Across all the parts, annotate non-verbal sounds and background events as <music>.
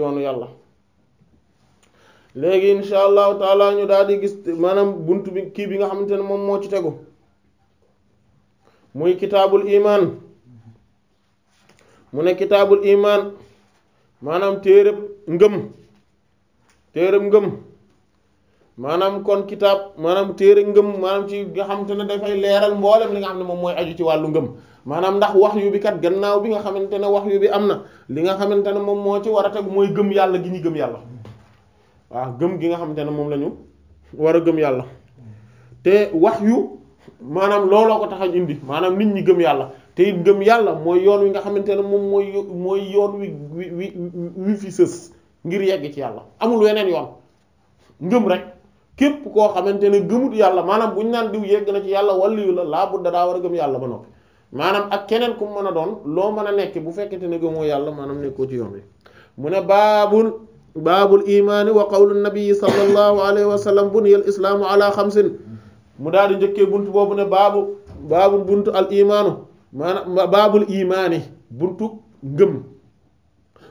yoonu yàlla léegi insha allahu taala ñu daal di gis maanaam bunt bi kii bi nga xamante ne moom moo ci tegu muy kitaabul imaan mu ne kitaabul imaan maanaam téereb ngëm téereb ngëm maanaam kon kitaab maanaam téere ngëm maanaam ci nga xamante ne dafay leeral mboolem li nga xam ne moom mooy aju ci wàllu ngëm maanaam ndax wax yu bi kat gannaaw bi nga xamante ne wax yu bi am na li nga xamante ne moom moo ci war a teg mooy gëm yàlla gi ñu gëm yàlla waaw gëm gi nga xamante ne moom lañu war a gëm yàlla te wax yu maanaam looloo ko tax a indi maanaam nit ñi gëm yàlla te it gëm yàlla mooy yoon wi nga xamante ne moom mooy mooy yoon wi wi wi fi sës ngir yegg ci yàlla amul weneen yoon ngëm rek képp koo xamante ne gëmut yàlla maanaam ñu naan diw yegg na ci yàlla wala yu la laa budda daa war a gëm yàlla ba noppi maanaam ak keneen ku mën a doon loo mën a nekk bu fekkente ne gëmoo yàlla maanaam nekkoo ci yoon wi mu ne baabul baabul imaani wa qawlu nabii sallallahu alayhi wa sallam buniya al islaamu ala mu daal di njëkkee buntu boobu ne baabu baabu buntu al imaanu maanaam baabul imaani buntu ngëm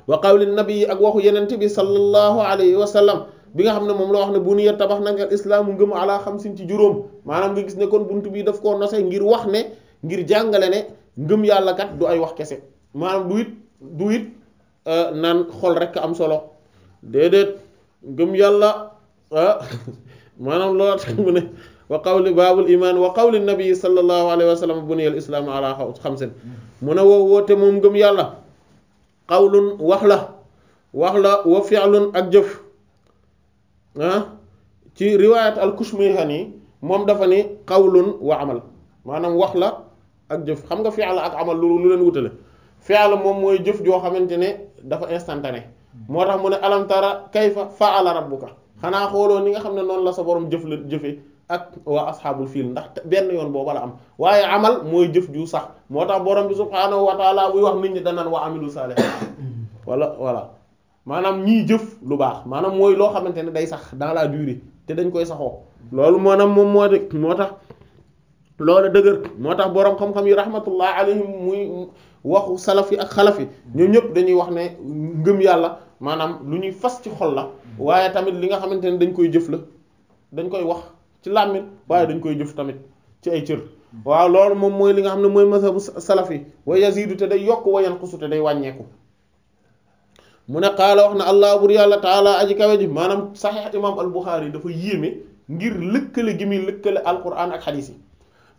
wa qawli nabii ak waxu yenent bi sallallahu alayhi wa sallam bi nga xam ne moom la wax ne buniya tabax nañ al islaamu ngëm ala xamsin ci juróom maanaam nga gis ne kon bunt bi daf koo nose ngir wax ne ngir jàngale ne ngëm yàllakat du ay wax kese maanaam du it du euh, naan xol rek am solo déedéet ngëm yàlla euh, <laughs> maanaam loolu tax mu ne wa qawli baabul iman wa qawli nabi sallallahu alayhi woo woote moom ngëm yàlla qawlun wax la wax la wa fi'lun ak jëf ah ci riwaayat al moom dafa ni qawlun wa amal maanaam wax la ak jëf xam nga fi'l ak amal lu lu leen wutale fi'l moom mooy jëf joo xamante ne dafa instantané moo tax mu ne alam tara kayfa fa'ala rabbuka xanaa xooloo ni nga xam ne noonu la sa boroom jëf la jëfee ak waa asxaabul fiil ndax benn yoon booba la am waaye amal mooy jëf ju sax moo tax borom bi subhaanahu wa taala buy wax nit ñi danaan waa amilu salih wala voilà maanaam ñii jëf lu baax maanaam mooy loo xamante ne day sax dans la durée te dañ koy saxoo loola dëgër moo tax boroom xam-xam yi rahmatullah alayhim muy waxu salaf yi ak xalaf yi ñoom ñëpp dañuy wax ne ngëm yàlla maanaam lu ñuy fas ci xol la waaye tamit li nga xamante ne dañ koy jëf la dañ koy wax ci làmmiñ waaye dañ koy jëf tamit ci ay cër waaw loolu moom mooy li nga xam ne mooy mazhabu salaf yi wa yazidu te day yokk wa yanqusu te day wàññeeku mu ne qaala wax na allah bur yàlla taala aji kawe ji maanaam saxiix imam al Buxaari dafa yéeme ngir lëkkale gi muy lëkkale alquran ak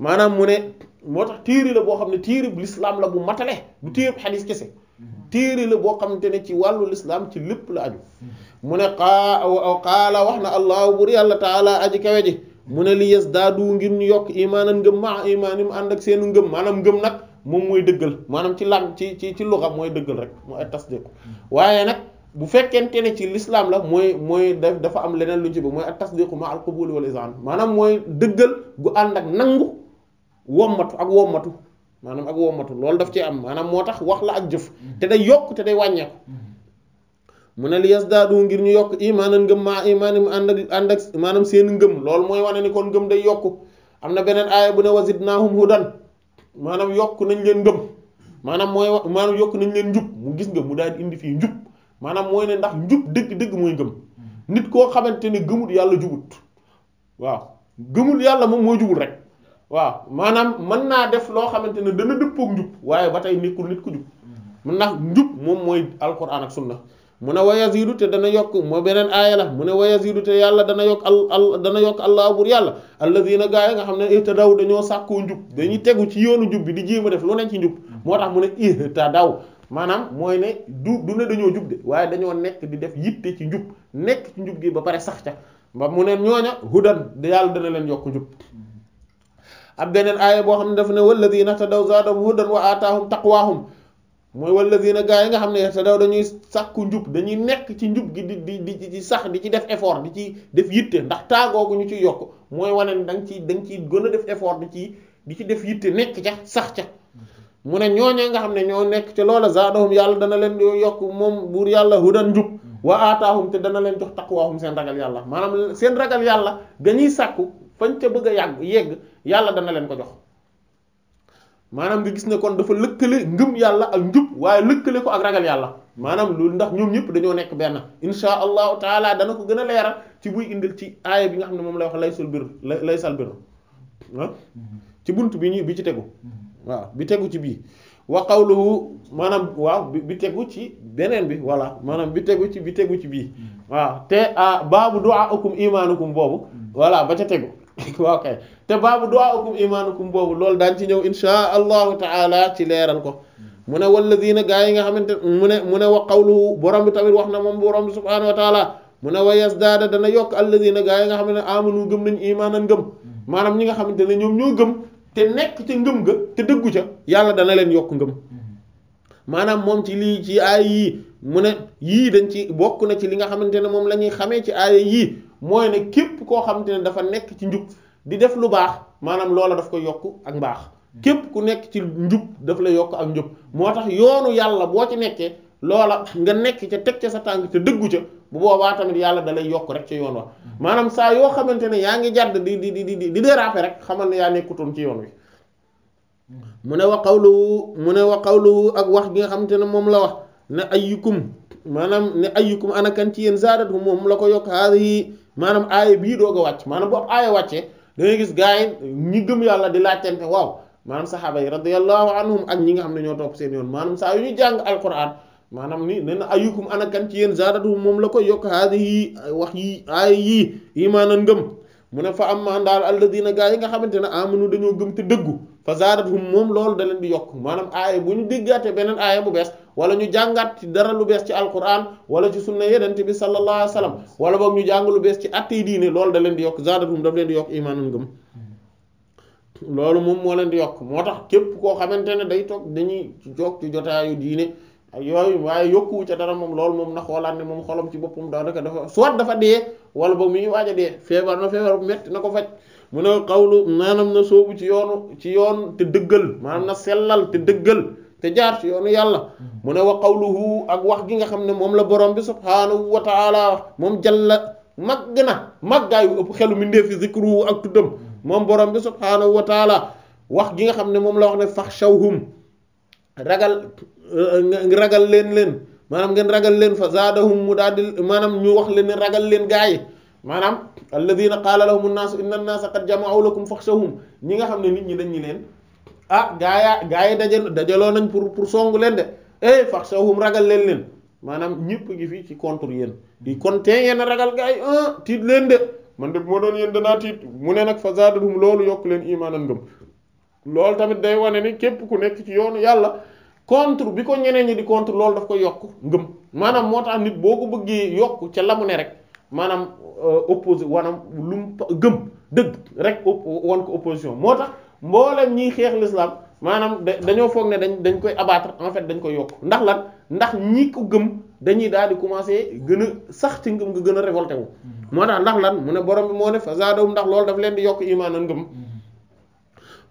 maanaam mu ne moo tax téere la boo xam ne téere bu lislaam la bu matale bu téere xadiis kese téere la boo xamante ne ci wàllu lislaam ci lépp la aju mu wax na allahu bur yàlla taala aji kawe ji mu ne li yes daadu ngir ñu yokk imaanan ngëm ma imaan mu ànd ak seenu ngëm maanaam ngëm nag moom mooy dëggal maanaam ci lam ci ci ci luxa mooy dëggal rek mooy tasdiq waaye nag bu fekkente ne ci l'islam la mooy mooy dafa am leneen lu ci mooy at tasdiqu ma al qabul wal izan maanaam mooy dëggal gu ànd ak nangu wommatu ak wommatu maanaam ak wommatu loolu daf ci am maanaam moo tax wax la ak jëf te day yokk te day wàññeeku mu ne li yasdaadu ngir ñu yokk imaanan ngëm maa imaanam ànd ak ànd ak maanaam seen ngëm lool mooy wane ni kon ngëm day yokk am na beneen aaya bu ne wazidnaahum hudan maanaam yokk nañ leen ngëm maanaam mooy maanaam yokk nañ leen njub gis nga mu daal di indi fii njub maanaam mooy ne ndax njub dëgg-dëgg mooy ngëm nit koo xamante ne gëmul yàlla jugut waaw gëmul yàlla moom mooy jubul rek waaw maanaam mën naa def loo xamante ne dana dëppook njub waaye ba tey nekkul nit ku jub mm-hmm. ndax njub moom mooy alquran ak sunna mu ne wayazidu te dana yokk moo beneen aaya la mu ne wayazidu te yàlla dana yokk al al dana yokk allah bur yàlla alladina gaa yi nga xam ne daw dañoo sàkkoo njub dañuy mm-hmm. tegu ci yoonu njub bi di jéem a def lu ne ci njub mm-hmm. moo tax mu ne ihtadaw maanaam mooy ne du du ne dañoo jub de waaye dañoo nekk di def yitte ci njub nekk ci njub gi ba pare sax ca mba mu ne ñooña hudan yàlla dana leen yokk njub ak beneen aaya boo xam ne daf ne walladina tadaw zaadahum hudan wa aataahum taqwaahum mooy na gaa yi nga xam ne tadaw dañuy sàkku njub dañuy nekk ci njub gi di di di ci sax di ci def effort di ci def yitte ndax taagoogu ñu ci yokk mooy wane ne ciy da ciy gën a def effort di ci di ci def yitte nekk ca sax ca mu ne ñooñee nga xam ne ñoo nekk ca loola zaadahum yàlla dana leen yokk moom buur yàlla hudan njub wa aataahum te dana leen jox taqwaahum seen ragal yàlla maanaam seen ragal yàlla ga ñuy sàkku fañ ca bëgg a yàgg yegg yàlla dana leen ko jox maanaam nga gis ne kon dafa lëkkale ngëm yàlla ak njub waaye lëkkale ko ak ragal yàlla maanaam loolu ndax ñoom ñëpp dañoo nekk benn insha allahu taala dana ko gën a leeral ci buy indil ci aaya bi nga xam ne moom lay wax laysal bir laysal bir ah? ci bunt bi ñu bi ci tegu waaw bi tegu ci bii waxaw qawluhu maanaam waaw bi tegu ci beneen bi voilà maanaam bi tegu ci bi tegu ci bii hmm. waaw te ah, baabu du'a ukum imaanukum boobu hmm. voilà ba ca tegu <laughs> waaw kay te baabu du'aakum imaanukum boobu loolu daañ ci ñëw insha allahu taala ci leeral ko mu ne walladina gaa yi nga xamante mu ne mu ne wa qawluhu borom bi tamit wax na moom borom bi subhaanahu wa taala mu ne wa yazdaada dana yokk alladina gaa yi nga xam ne amanu gëm nañ imaanan ngëm maanaam ñi nga xamante ne ñoom ñoo gëm te nekk ca ngëm ga te dëggu ca yàlla dana leen yokk ngëm maanaam moom ci lii ci aay yii mu ne yii dañ ci bokk na ci li nga xamante ne moom la ñuy xamee ci aay yii mooy ne képp koo xamante ne dafa nekk ci njub di def lu baax maanaam loola daf koy yokk ak mbaax képp ku nekk ci njub daf la yokk ak njub moo tax yoonu yàlla boo ci nekkee loola nga nekk ca teg ca sa tàng ca dëggu ca bu boobaa tamit yàlla dalay yokk rek ca yoon wa maanaam saa yoo xamante ne yaa ngi jàdd di di di di déraper rek xamal na yaa nekkutoon ci yoon wi mu ne wa qawluhu mu ne wa qawluhu ak wax gi nga xamante ne moom la wax ne ayyukum maanaam ne ayyukum anakan ci yéen zaadatu moom la ko yokk maanaam aaya bii doo ko wàcc maanaam bu ab aaya wàccee da gis gaa yi ñi gëm yàlla di laajtante waaw maanaam saxaaba yi radiyallahu anhum ak ñi nga xam ne ñoo topp seen yoon maanaam saa yu ñu jàng alquran maanaam ni nee na ayyukum anakan ci yéen zaadatu moom la koy yokk haadihi wax yi aaya yii imaanan ndëm mu ne fa amma ndaal alladina gaa yi nga xamante ne amanu dañoo gëm te dëggu fa zaadathum moom loolu da leen di yokk maanaam aaya bu ñu déggaate beneen aaya bu bees wala ñu jàngat ci dara lu bees ci alquran wala ci sunna yonent bi sallallahu alayhi wasallam wala boog ñu jàng bees ci attey diine loolu da leen di yokk zaadatum daf leen di yokk imaanun ngëm loolu moom moo leen di yokk moo tax képp koo xamante ne day toog dañuy jokk ci jotaayu diine ak yooyu waaye yokkuwu ca dara moom loolu moom na xoolaat ne moom xolam ci boppam daanaka dafa soit dafa dee wala boog mi ngi waaj feebar na feebar bu métti na ko faj mu ne xawlu maanaam na soobu ci yoonu ci yoon te dëggal maanaam na sellal te dëggal te jaar ci yoonu yàlla mm-hmm. mu ne wa qawluhu ak wax gi nga xam ne moom la borom bi subhaanahu wa taala wax moom jalla màgg na màggaayu ëpp xelu mi ndee fi zikruhu ak tuddam mm-hmm. moom borom bi subhaanahu wa taala wax gi nga xam ne moom la wax ne faxshawhum ragal euh, ragal leen leen maanaam ngeen ragal leen fa zaadahum mu daal di maanaam ñu wax leen ne ragal leen gaa yi maanaam alladina qaala lahum nnaasu inna nnaasa qad jama'u lakum faxshawhum ñi nga xam ne nit ñi dañ ñi leen ah gaa yaa gaa yi dajal dajaloo nañ pour pour songu leen de eh faxshawhum ragal leen leen maanaam ñëpp ngi fii ci contre yéen di compter yéen ragal gaa yi ah tiit leen de man de moo doon yéen danaa tiit mu ne nag fa zaadathum loolu yokk leen imaanan ngëm loolu tamit day wane ni képp ku nekk ci yoonu yàlla contre bi ko ñeneen ñi di contre loolu daf ko yokk ngëm maanaam moo tax nit boo ko bëggee yokk ca la mu ne rek maanaam euh, opposé wanam lu mu gëm dëgg rek wan ko opposition moo mboolem ñiy xeex lislaam maanaam dañoo foog ne dañ dañ koy abattre en fait dañ koy yokk ndax lan ndax ñi ko gëm dañuy daal di commencer gën a sax ci ngëm nga gën a révolté wu. Mm-hmm. moo tax ndax lan mu ne borom bi moo ne fazaadahum ndax loolu daf leen di yokk imaan ak ngëm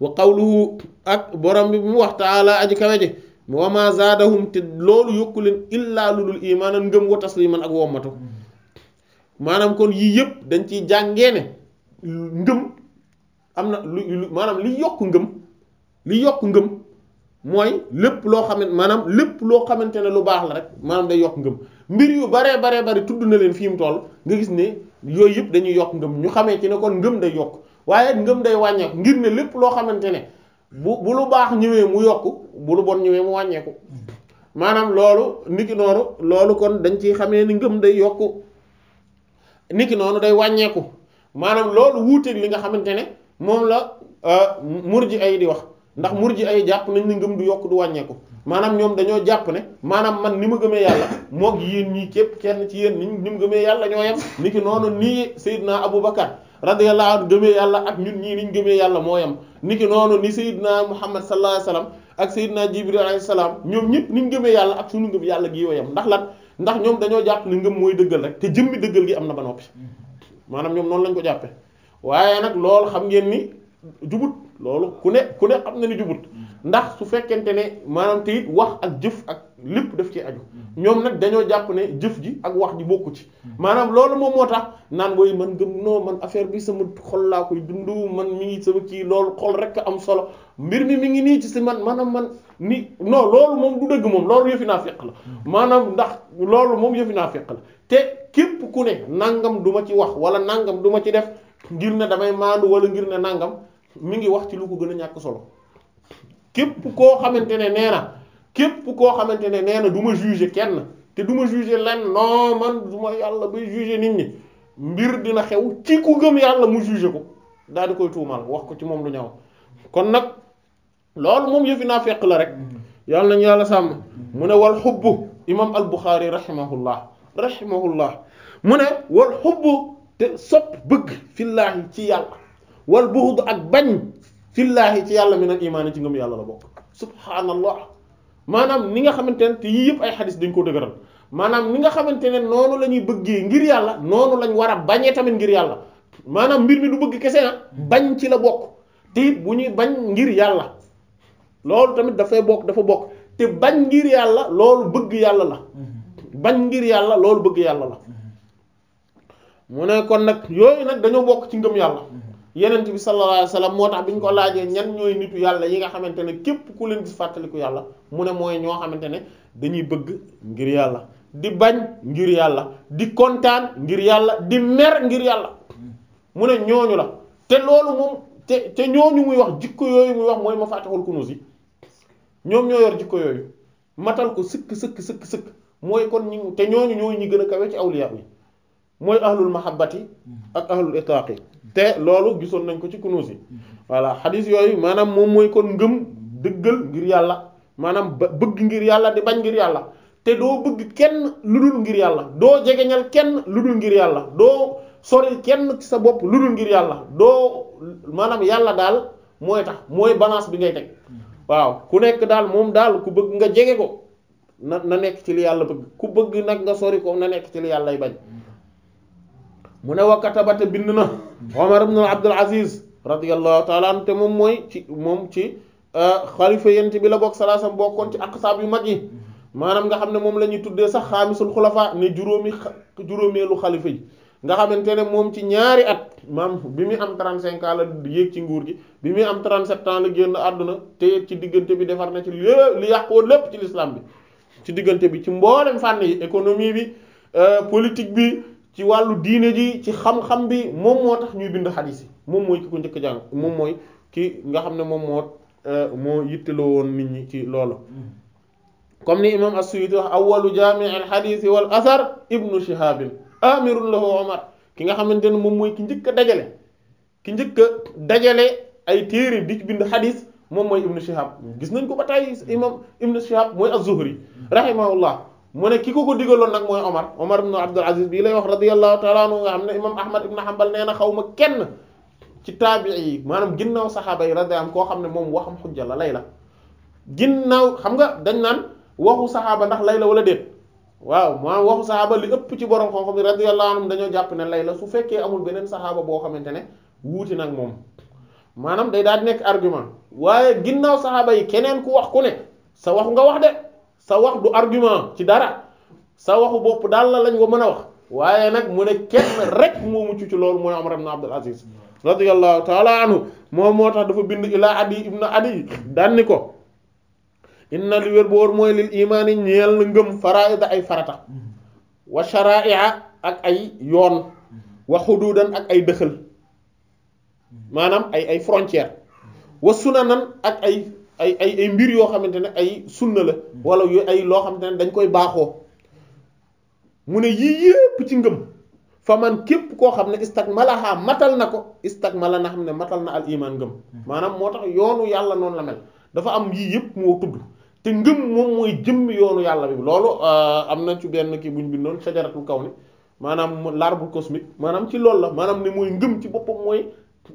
mm-hmm. wa ak borom bi mu wax taala aji kawe ji wa ma zaadahum te loolu yokku leen illaa lu dul imaan ak ngëm wa tasliman ak wommatu mm-hmm. maanaam kon yii yëpp dañ ciy jàngee ne ngëm am na lu maanaam li yokk ngëm li yokk ngëm mooy lépp loo xamante maanaam lépp loo xamante ne lu baax la rek maanaam day yokk ngëm mbir yu baree baree bari tudd na leen fi mu toll nga gis ne yooyu yëpp dañuy yokk ngëm ñu xamee ci ne kon ngëm day yokk waaye ngëm day wàññeeku ngir ne lépp loo xamante ne bu bu lu baax ñëwee mu yokk bu lu bon ñëwee mu wàññeeku maanaam loolu niki noonu loolu kon dañ ci xamee ni ngëm day yokku niki noonu day wàññeeku maanaam loolu wuuteeg li nga xamante ne moom la euh, murji ay di wax ndax murji ay jàpp nañ ne ngëm du yokk du wàññeeku maanaam ñoom dañoo jàpp ne maanaam man ni ma gëmee yàlla moog yéen ñii képp kenn ci yéen ñu ni mu gëmee yàlla ñoo yem ni ki noonu nii Seydina Aboubacar radiyallahu anhu gëmee yàlla ak ñun ñii niñ gëmee yàlla moo yem ni ki noonu ni Seydina Muhammad sallallahu alayhi wasallam ak Seydina Jibril alayhi salaam ñoom ñëpp niñ gëmee yàlla ak suñu ngëm yàlla gi yoo yem ndax lan ndax ñoom dañoo jàpp ne ngëm mooy dëggal rek te jëmmi dëggal gi am na ba noppi maanaam ñoom noonu lañ ko jàppee waaye nag loolu xam ngeen ni jubut loolu ku ne ku ne xam na ni jubut ndax su fekkente ne maanaam te it wax ak jëf ak lépp def ci aju ñoom nag dañoo jàpp ne jëf ji ak wax ji bokku ci maanaam loolu moom moo tax naan booy man gëm noo man affaire bi sama xol laa koy dundu man mi ngi sama kii loolu xol rek am solo mbir mi mi ngi nii ci si man maanaam man ni non loolu moom du dëgg moom loolu yëfinaa naa la maanaam ndax loolu moom yëfi naa feq la te képp ku ne nangam duma ma ci wax wala nangam du ma ci def ngir ne damay maandu wala ngir ne nàngam mi ngi wax ci lu ko gën a ñàkk solo képp koo xamante ne nee na képp koo xamante ne nee na du ma juger kenn te du ma juger lenn man du ma yàlla bay juger nit ñi mbir dina xew ci ku gëm yàlla mu juger ko daal di koy tuumaal wax ko ci moom lu ñaw kon nag loolu moom yëfi naa fekk la rek yàlla nañu yàlla sàmm mu ne wal xubbu imam al Bukhari rahimahullah rahimahullah mu ne wal xubbu te sopp bëgg fillaahi ci yàlla wal buxud ak bañ fillaahi ci yàlla mi nag imaani ci ngëm yàlla la bokk subhaanallah maanaam ni nga xamante ne te yii yëpp ay xadis dañ koo dëgëral maanaam ni nga xamante ne noonu lañuy ñuy bëggee ngir yàlla noonu lañ war a bañee tamit ngir yàlla maanaam mbir mi du bëgg kese na ah, bañ ci la bokk te bu ñuy bañ ngir yàlla loolu tamit dafay bokk dafa bokk te bañ ngir yàlla loolu bëgg yàlla la mm-hmm. bañ ngir yàlla loolu bëgg yàlla la mu ne kon nag yooyu nag dañoo bokk ci ngëm yàlla yenent bi sallallahu alayhi wasallam moo tax bi ñu ko laajee ñan ñooy nitu yàlla yi nga xamante ne képp ku leen gis fàttaliku yàlla mu ne mooy ñoo xamante ne dañuy bëgg ngir yàlla di bañ ngir yàlla di kontaan ngir yàlla di mer ngir yàlla mu ne ñooñu la te loolu moom te te ñooñu muy wax jikko yooyu muy wax mooy ma fatihul kunuz yi ñoom ñoo yor jikko yooyu matal ko sëkk sëkk sëkk sëkk mooy kon ñi te ñooñu ñooy ñi gën a kawe ci awliya yi mooy ahlul mahabbati ak ahlul itlaaqi te loolu gisoon nañ ko ci kunuus yi voilà xadis yooyu maanaam moom mooy kon ngëm dëggal ngir yàlla maanaam bëgg ngir yàlla di bañ ngir yàlla te doo bëgg kenn lu dul ngir yàlla doo jegeñal kenn lu dul ngir yàlla doo sori kenn ci sa bopp lu dul ngir yàlla doo maanaam yàlla daal mooy tax mooy balance bi ngay teg waaw ku nekk daal moom daal ku bëgg nga jege ko na na nekk ci li yàlla bëgg ku bëgg nag nga sori ko na nekk ci li yàllay bañ mu ne wa katabata bind na Omar ibn Abdul Aziz radiyallahu taala an te moom mooy ci moom ci euh, xalifa yent bi la bokk salaasam bokkoon ci saab yu mag yi maanaam nga xam ne moom la ñuy tuddee sax xaamisul xulafa ne juróomi juróomeelu xalifa yi nga xamante ne moom ci ñaari at maam bi muy am 35 ans la yéeg ci nguur gi bi muy am 37 ans la génn àdduna te ci diggante bi defar na ci li li yàqoo lépp ci l'islam bi ci diggante bi ci mboolem fànn yi économie bi euh, ci wàllu diine ji ci xam-xam bi moom moo tax ñuy bind xadiis yi moom mooy ki njëkk jàng moom mooy ki nga xam ne moom moo euh, moo yittiloo woon nit ñi ci loolu comme ni imam as-Suyuti wax awwalu jaami' al-xadiis wal asar ibnu shihabin amirun lahu omar ki nga xamante ne moom mooy ki njëkk a dajale ki njëkk a dajale ay téere di bind xadiis moom mooy ibnu shihab gis nañ ko ba tey imam ibnu shihab mooy az-Zuhri mu ne ki ko ko digaloon nag mooy Omar Omar ibn Abdul Aziz bii lay wax radiyallahu ta'ala anhu nga xam ne imam Ahmad ibn Hanbal nee na xaw ma kenn ci taabi'i yi maanaam ginnaaw saxaaba yi radiyallahu anhum koo xam ne moom waxam xujja la lay la ginnaaw xam nga dañ naan waxu saxaaba ndax lay la wala déet waaw maa waxu saxaaba li ëpp ci borom xam-xam yi radiyallahu anhum dañoo jàpp ne lay la su fekkee amul beneen saxaaba boo xamante ne wuuti nag moom maanaam day daal di nekk argument waaye ginnaaw saxaaba yi keneen ku wax ku ne sa wax nga wax de. sa wax du argument ci dara sa waxu bopp daal la lañ ko mën a wax waaye nag mu ne kenn rek moo mucc ci loolu mooy Umar ibn Abdul Aziz radiyallahu taala moom moo tax dafa bind ilaa adi ibn adi danni ko inna li wér boor mooy lil imaani ñeel na ngëm faraida ay farata wa shara'i'a ak ay yoon wa xuduudan ak ay dëxal maanaam ay ay frontière wa sunanan ak ay ay ay ay mbir yoo xamante ne ay sunna la wala yu ay loo xam te ne dañ koy baaxoo mu ne yii yépp ci ngëm fa man képp koo xam ne istakmalaha matal na ko istakmala na xam ne matal na al iman ngëm maanaam moo tax yoonu yàlla noonu la mel dafa am yii yépp moo tudd te ngëm moom mooy jëmm yoonu yàlla bi loolu euh, am na ci benn kii buñ bindoon sajaratul kaw ni maanaam l'arbre cosmique maanaam ci loolu la maanaam ne mooy ngëm ci boppam mooy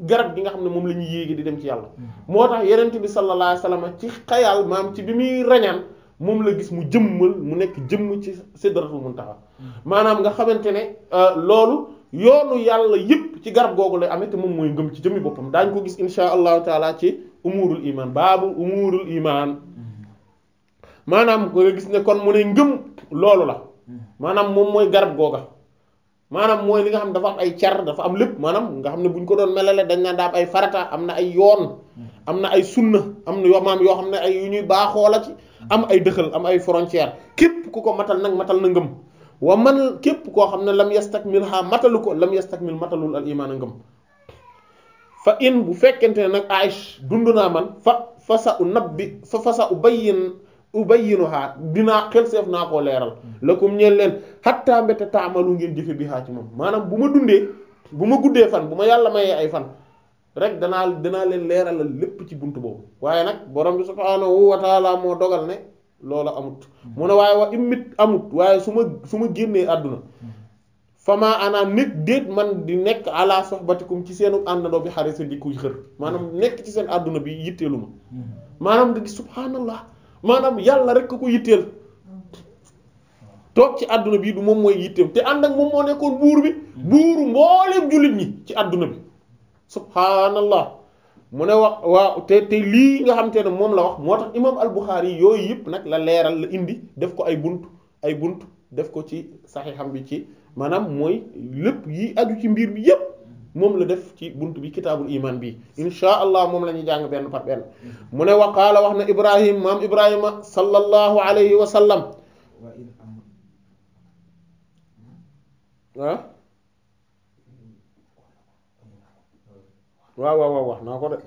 garab gi nga xam ne moom la ñuy yéegi di dem ci yàlla mm-hmm. moo tax yenente bi sallallahu alayhi wasallam ci xayal ci bi muy rañaan moom la gis mu jëmmal mu nekk jëmm ci sidratul muntaha maanaam nga xamante ne euh, loolu yoonu yàlla yëpp ci garab googu lay amee te moom mooy ngëm ci jëmmi boppam daañ ko gis insha allahu taala ci umurul imaan baabu umurul imaan maanaam nga gis ne kon mu ne ngëm loolu la hmm. maanaam moom mooy garab googa maanaam mooy li nga xam dafa am ay car dafa am lépp maanaam nga xam ne bu ñu ko doon melale dañ naan daa ay farata am na ay yoon am na ay sunna am na yoo maam yoo xam ne ay yu ñuy baaxoo la am ay dëxal am ay frontière képp ku ko matal nag matal na ngëm wa man képp koo xam ne lam yastakmil ha matalu ko lam yastakmil matalul al imaan a ngëm fa in bu fekkente ne nag aish dund naa man fa fasa u bi fa fasa u bayyin bay ubayyinuha dinaa xel seef naa koo leeral la hmm. lakum ñeen leen xattaa mbéte taamalu ngeen jëfe bi haa ci moom maanaam bu ma dundee bu ma guddee fan bu ma yàlla mayee ay fan rek danaa danaa leen leeralal lépp ci bunt boobu waaye nag borom bi subhaanahu wa taala moo dogal ne loola amut hmm. mu ne waaye wa immit amut waaye su ma su ma génnee àdduna hmm. ma ana nit déet man di nekk ala soxbatikum ci seenu àndandoo bi xare sa di kuy xër maanaam nekk ci seen àdduna bi yitteelu maanaam nga gis maanaam yàlla rek ko yitteel toog ci àdduna bi du moom mooy yitteem te ànd ak moom moo nekkoon buur bi buuru mbooleem jullit ñi ci àdduna bi subhaanallah mu ne wax waaw te te lii nga xam te ne moom la wax moo tax imam al yi yooyu yëpp nag la leeral la indi def ko ay bunt ay bunt def ko ci saxiixam bi ci maanaam mooy lépp yi aju ci mbir bi yëpp moom la def ci bunt bi kitaabul iman bi inchaa allah moom la ñuy jàng benn par benn mu ne wa wax na ibrahim maam ibrahima sallallahu alayhi wa sallam ah waaw waaw waaw wax naa ko de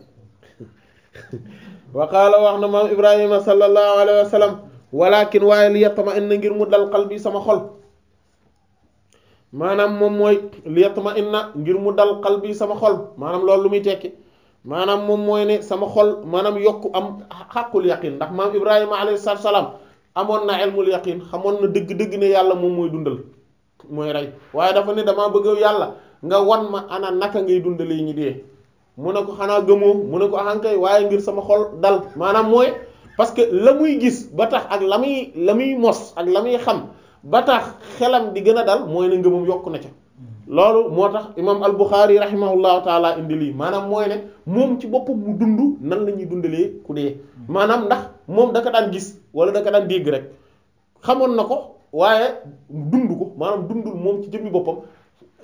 wax na maam ibrahima sallallahu alayhi wa sallam walakin waaye li yattama inna ngir mu dal qalbi sama xol maanaam moom mooy liyatma inna ngir mu dal qalbi sama xol maanaam loolu lu muy tekki maanaam moom mooy ne sama xol maanaam yokk am xàqul yaqin ndax maam Ibrahima alayhi salaam amoon na ilmul yaqin xamoon na dëgg-dëgg ne yàlla moom mooy dundal mooy rey waaye dafa ne damaa bëgg yàlla nga wan ma ana naka ngay dundalee ñi dee mu ne ko xanaa gëmoo mu ne ko ahankay waaye ngir sama xol dal maanaam mooy parce que la muy gis ba tax ak la muy la muy mos ak la muy xam. ba tax xelam di gën a dal mooy ne ngëmam yokk na ca loolu moo tax imaam al-Bukhari rahimahullahu taala indi lii maanaam mooy ne moom ci boppam mu dund nan la ñuy dundalee ku dee maanaam ndax moom da daan gis wala da daan dégg rek xamoon na ko waaye dund ko maanaam dundul moom ci jëmmi boppam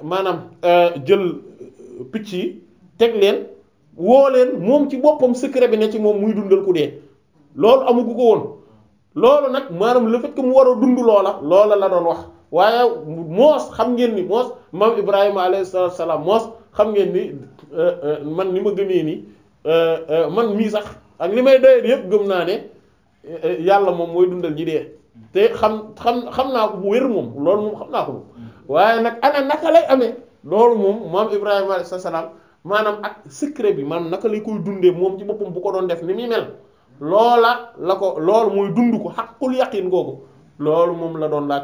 maanaam euh, jël euh, picc yi teg leen woo leen moom ci boppam secret bi na ci moom muy dundal ku dee loolu amugu ko woon. loolu nag maanaam le fait mu war a dund loola loola la doon wax waaye moos xam ngeen ni moos maam Ibrahima alayhi salaatu salaam moos xam ngeen ni euh, euh, man ni ma gëmee ni euh, man mii sax ak li may doyee yëpp gëm naa ne yàlla moom mooy dundal ji dee te xam xam xam naa ko bu wér moom loolu moom xam naa ko moom waaye nag ana naka lay amee loolu moom maam Ibrahima alayhi salaam maanaam ak secret bi maanaam naka lay koy dundee moom ci boppam bu ko doon def ni muy mel. loola la ko loolu muy dund ko xaqul yaqin googu loolu moom la doon laaj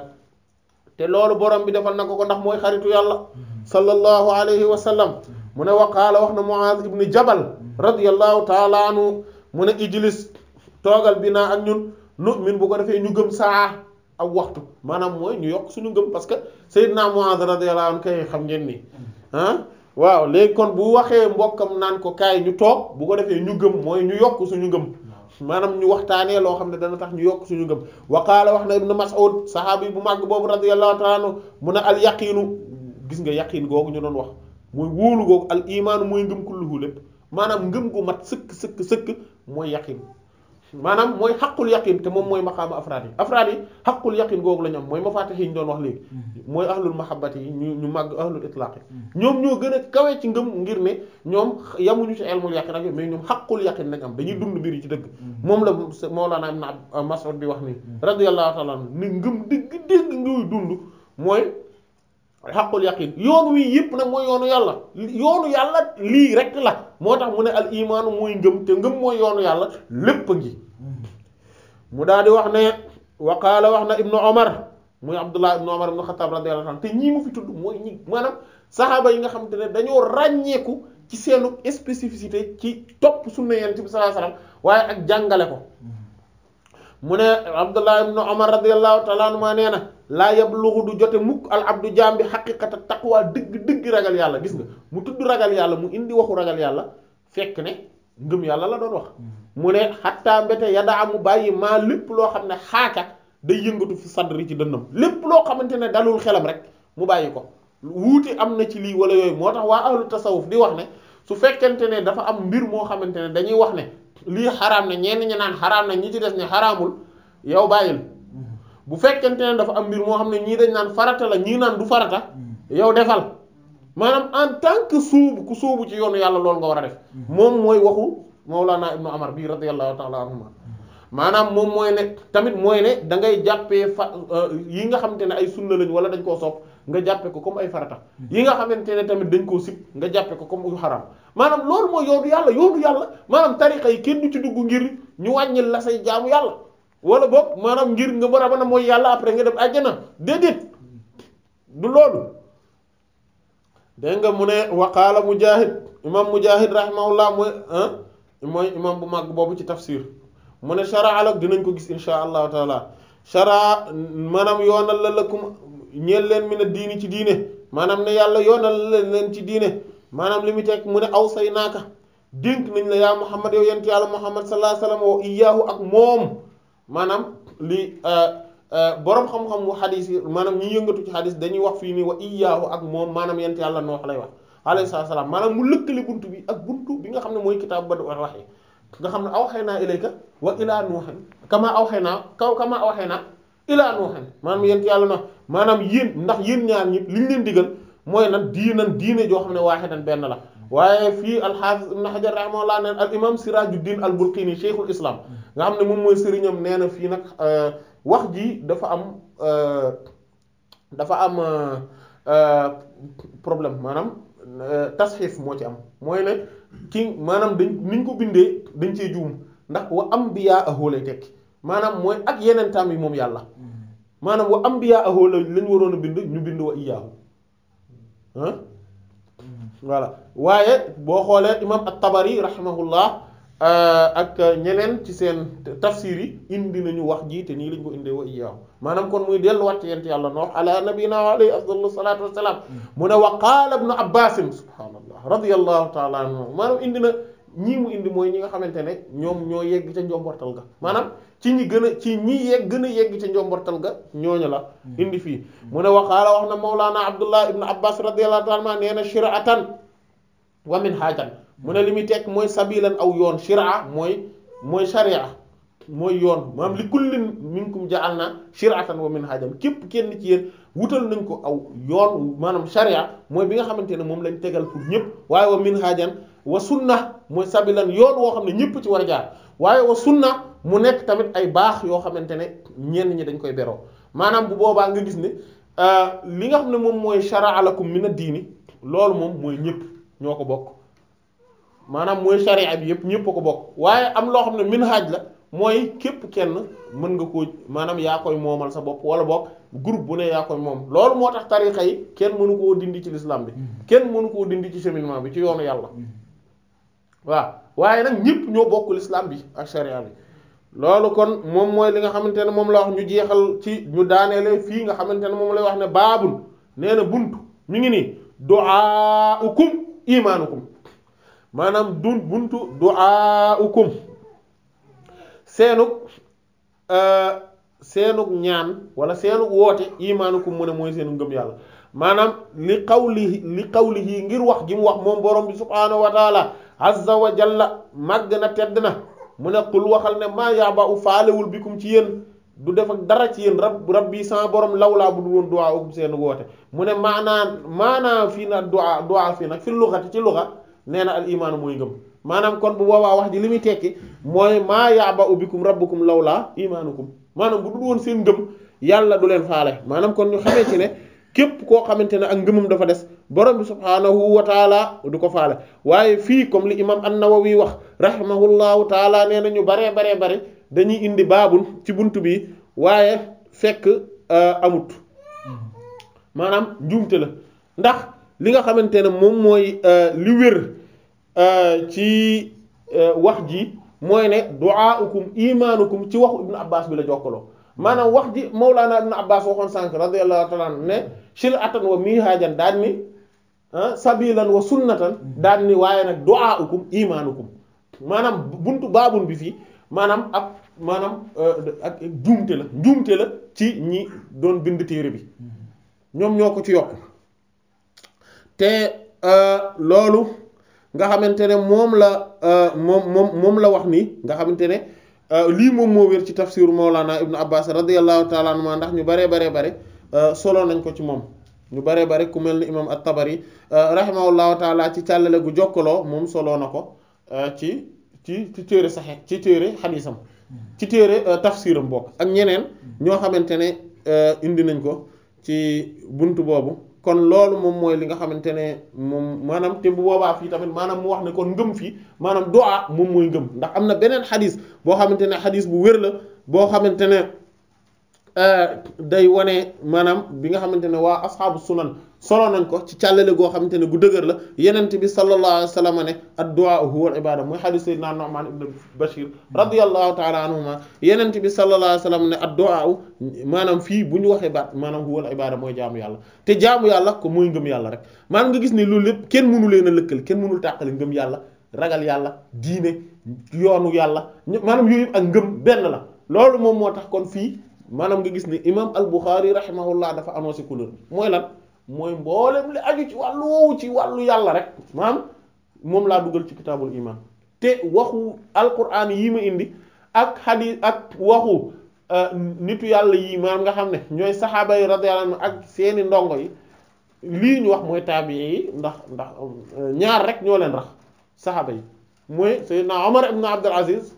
te loolu borom bi defal na ko ko ndax mooy xaritu yàlla sallallahu alayhi wa sallam mu ne wax waqaala wax na Muaz ibn Jabal radiyallahu taala anhu mu ne ijlis toogal bi naa ak ñun nu'min bu ko defee ñu gëm saa ak waxtu maanaam mooy ñu yokk suñu gëm parce que Seydina Muaz radiyallahu anhu kay xam ngeen ni ah waaw léegi kon bu waxee mbokkam naan ko kaay ñu toog bu ko defee ñu gëm mooy ñu yokk suñu gëm maanaam ñu waxtaanee loo xam ne dana tax ñu yokk suñu ngëm waqaala wax na na ibnu mas'ud saxaabi bu màgg boobu radiyallahu ta'ala anhu mu ne al yaqiinu gis nga yaqiin googu ñu doon wax mooy wóolu googu al imaanu mooy ngëm kulluhu lépp maanaam ngëm gu mat sëkk sëkk sëkk mooy yaqiin maanaam mooy xaqul yaqin te moom mooy maqaama afraad yi afraad yi xaqul yaqin googu la ñoom mooy mafaatix yi ñu doon wax léegi mm-hmm. mooy ahlul mahabbati yi ñu ñu màgg ahlul itlaaq yi mm-hmm. ñoom ñoo gën a kawee ci ngëm ngir ne ñoom yamuñu ci ilmul yaqin ak mais ñoom xaqul yaqin lañ am dañuy dund mbir yi ci dëgg mm-hmm. moom la moo laa Mawlana Ibn Mas'ud bi wax nii radiyallahu ta'ala ni ngëm dëgg dëgg ngay dund mooy xaqul yaqin yoon wi yëpp nag mooy yoonu yàlla yoonu yàlla lii rek la moo tax mu ne al imaanu mooy ngëm te ngëm mooy yoonu yàlla lépp a ngi mu daal di wax ne wa qaala wax na ibnu omar muy abdullah ibnu omar ibnu xataab radiyallahu anhu te ñii mu fi tudd mooy ñi maanaam saxaaba yi nga xamante ne dañoo ràññeeku ci seenu spécificité ci topp sunna yonent bi sallallahu alayhi wasallam waaye ak jàngale ko mu ne abdullah ibnu omar radiallahu taala nee na laa yablugu du jote mukk al abdu jaam bi xaqiqata taqwa dëgg dëgg ragal yàlla gis nga mu tudd ragal yàlla mu indi waxu ragal yàlla fekk ne ngëm yàlla la doon wax mm-hmm. mu ne xattaa mbete yadaa mu bàyyi maa lépp loo xam ne xaaka day yëngatu fi sadri ci dënnam lépp loo xamante ne dalul xelam rek mu bàyyi ko wuute am na ci lii wala yooyu moo tax waa ahlu tasawuf di wax ne su fekkente ne dafa am mbir moo xamante ne dañuy wax ne lii xaraam na ñenn ñi naan xaraam na ñi ci des ni xaraamul yow bàyyil bu fekkente ne dafa am mbir moo xam ne ñii dañ naan farata la ñii naan du farata yow defal maanaam en tant que suubu ku suubu ci yoonu yàlla loolu nga war a def moom mooy waxu naa Ibnu bii bi radiyallahu ta'ala anhuma maanaam moom mooy ne tamit mooy ne da ngay jàppee fa euh, yi nga xamante ne ay sunna lañ wala dañ koo sopp nga jàppe ko comme ay farata yi nga xamante ne tamit dañ koo sib nga jàppe ko comme u xaraam maanaam loolu mooy yoonu yàlla yoonu yàlla maanaam tariqa yi kenn du ci dugg ngir ñu wàññil la say jaamu yàlla wala boog maanaam ngir nga bara mën a mooy yàlla après nga dem àjjana déedéet du loolu dégg nga mu ne waqaala mujahid imam mujahid rahimahullah ah, mooy mooy imam bu màgg boobu ci tafsir mu ne shara alak dinañ ko gis insha allahu taala shara maanaam yoonal la lakum ñeel leen mi ne diini ci diine maanaam ne yàlla yoonal la leen ci diine maanaam li mu teg mu ne aw say naaka dénk nañ la yaa muhammad yow yent yàlla muhammad sallallahu alayhi wasallam wa iyaahu ak moom maanaam li euh, euh, borom xam-xam wa xadis yi maanaam ñi yëngatu ci xadis dañuy wax fii nii wa iyaahu ak moom maanaam yent yàlla noox lay wax alayhi salaam maanaam mu lëkkale buntu bi ak buntu bi nga xam ne mooy kitaab ba war waxee nga xam ne aw xëy naa ilayka wa ilaa nuuxin kamaa aw naa kaw kamaa aw xëy naa ilaa nuuxin maanaam yent yàlla noox maanaam yéen ndax yéen ñaar ñi liñ leen digal mooy lan diinan diine joo xam ne waaxidan benn la waaye fii alxaafis ibn Hajar rahimahullah neen al imam Sirajuddin al Bulqini cheikhul islam nga xam ne moom mooy sëriñam nee na fii nag euh, wax ji dafa am euh, dafa am euh, problème maanaam tasxiif moo ci am mooy ne ki maanaam dañ niñ ko bindee dañ cee juum ndax wa anbiyaa'ahu lay tekki maanaam mooy ak yeneen taam yi moom yàlla mm-hmm. maanaam wa anbiyaa'ahu lañ waroon a bind ñu bind wa iyaahu voilà waaye boo xoolee imam at-Tabari rahimahullah euh, ak ñeneen ci seen tafsir yi indi nañu wax ji te nii lañ ko indee wa iyaahu maanaam kon muy delluwaat ci yent yàlla noox alaa nabiyina wa alayhi afdalu salaatu wassalaam mm. mu ne wa qaala ibnu abbaasin subhaanallah radiyallahu taala anhu maanaam indi na ñii mu indi mooy ñi nga xamante ne ñoom ñoo yegg ca njombortal ga maanaam ci ñi gën a ci ñi yegg gën a yegg ca njombortal ga ñooñu la hmm. indi fii mu ne waxaala wax na Mawlaana Abdullah ibn Abbas radiyallahu ta'ala anhu nee na shir'atan wa minhajan mu ne li muy tekk mooy sabilan aw yoon shir'a mooy mooy sharia mooy yoon maanaam li kullin minkum ja'alna shir'atan wa minhajan képp kenn ci yéen wutal nañ ko aw yoon maanaam sharia mooy bi nga xamante ne moom lañ tegal pour ñëpp waaye wa minhajan wa sunna mooy sabilan yoon woo xam ne ñëpp ci war a jaar waaye wa sunna mu nekk tamit ay baax yoo xamante ne ñenn ñi dañ koy beroo maanaam bu boobaa nga gis ne euh, li nga xam ne moom mooy shara'a lakum mina diini loolu moom mooy ñëpp ñoo ko bokk maanaam mooy shari'a bi yëpp ñëpp ko bokk waaye am loo xam ne minhaj la mooy képp kenn mën nga koo maanaam yaa koy moomal sa bopp wala bopp groupe bu ne yaa koy moom loolu moo tax tarixa yi kenn mënu koo dindi ci l'islam bi mm-hmm. kenn mënu koo dindi ci cheminement bi ci yoonu yàlla mm-hmm. waaw waaye nag ñépp ñoo bokkul l'islam bi ak sharia bi loolu kon moom mooy li nga xamante ne moom la wax ñu jeexal ci ñu daaneele fii nga xamante ne moom lay wax ne baabul nee na buntu mu ngi nii du'a ukum imaanukum maanaam du buntu du'a ukum seenug euh, seenug ñaan wala seenug woote imaanukum mu ne mooy seenu ngëm yàlla maanaam li qawlihi li qawlihi ngir wax gi mu wax moom borom bi subhaanahu wa azza wa jalla màgg na tedd na mu ne qul waxal ne maa yaaba u faalewul bikum ci yéen du def dara ci yéen rab rabbi sama borom lawlaa bu du woon duwaa ukum seen woote mu ne maanaa maanaa fii na duwaa duwaa fii nag fi luxati ci luxa nee na al imaanu mooy ngëm maanaam kon bu boobaa wax ji li muy tekki mooy maa yaaba u bikum rabbukum lawlaa imaanukum maanaam bu dul woon seen ngëm yàlla du leen faale maanaam kon ñu xamee ci ne képp koo xamante ne ak ngëmam dafa des borom bi subhaanahu wa du ko faale waaye fii comme li imam an-Nawawi wax rahimahullahu taala nee na ñu baree baree bare dañuy indi baabul ci bunt bi waaye fekk euh, amut maanaam njuumte la ndax li nga xamante ne moom mooy euh, li wér euh, ci wax ji mooy ne du'aukum imaanukum ci waxu ibnu abbas bi la jokkaloo maanaam wax ji Mawlana Ibn Abbas waxoon sànq radiyallahu ta'ala anhu ne shir'atan wa mihaajan daan ni ah, sabilan wa sunnatan daan ni waaye nag du'a'ukum imaanukum maanaam buntu baabun bi fii maanaam ab maanaam eh, ak njuumte la njuumte la ci ñi doon bind téere bi ñoom ñoo ko ci yokk te eh, loolu nga xamante ne moom la eh, moom moom moom la wax nii nga xamante ne Euh, lii moom moo wér ci tafsiru Mawlana Ibn Abbas radiyallahu taala anhuma ndax ñu bare baree bare euh, solo nañ ko ci moom ñu baree bare ku mel ni imam at-Tabari euh, rahimahullahu taala ci càllale gu jokkaloo moom solo na ko ci ci ci téere saxe ci téere xadiisam ci téere tafsiram bokk ak ñeneen ñoo xamante ne indi nañ ko ci bunt boobu kon loolu moom mooy li nga xamante ne moom maanaam te bu boobaa fii tamit maanaam mu wax ne kon ngëm fii maanaam du'a moom mooy ngëm ndax am na beneen xadis boo xamante ne xadis bu wér la boo xamante ne Euh, day wane maanaam bi nga xamante ne waa asxaabu sunan solo nañ ko ci càllale goo xamante ne gu dëgër la yenent bi sallallahu alayhi wa sallam ne addu'a huwa al ibada mooy xadis sayyidina Nu'man ibn Bashir radiyallahu ta'ala anhuma yenent bi sallallahu alayhi wa sallam ne addu'a maanaam fii bu ñu waxee baat maanaam huwa al ibada mooy jaamu yàlla te jaamu yàlla ko mooy ngëm yàlla rek maanaam nga gis ne loolu lépp kenn mënu leen a lëkkal kenn mënul tàqale ngëm yàlla ragal yàlla diine yoonu yàlla maanaam yooyu ak ngëm benn la loolu moom moo tax kon fii maanaam nga gis ne imam al-Bukhari rahimahullah dafa annoncé couleur mooy lan mooy mboolem li aju ci wàllu woowu ci wàllu yàlla rek maanaam moom laa dugal ci kitaabul iman te waxu alquran yii ma indi ak xadiis ak waxu euh, nitu yàlla yii maanaam nga xam ne ñooy saxaaba yi radiyallahu anhum ak seeni ndongo yi lii ñu wax mooy taabii yi ndax ndax euh, ñaar rek ñoo leen rax saxaaba yi mooy sayyidna Umar ibn Abdul Aziz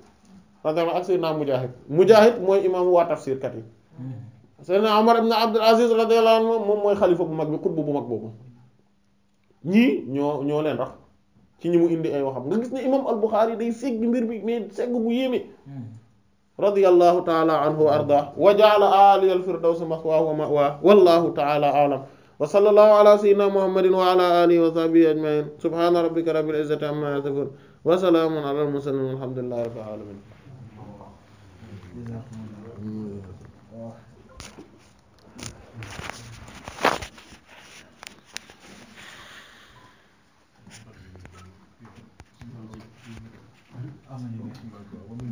radiyallahu ak Seydina Mujaahid Mujaahid mooy imaamu waa tafsir kat yi Seydina Omar ibn Abdul Aziz radiyallahu moom mooy xalifa bu mag bi xutba bu mag boobu ñii ñoo ñoo leen rax ci indi ay waxam gis ne imaam al mbir bi mais bu yéeme radiyallahu taala anhu wa arda wa ja'ala aliyal firdawsi maswa wa mawa wallahu taala a'lam wa sallallahu ala sayyidina muhammadin wa ala alihi wa alamin jazakum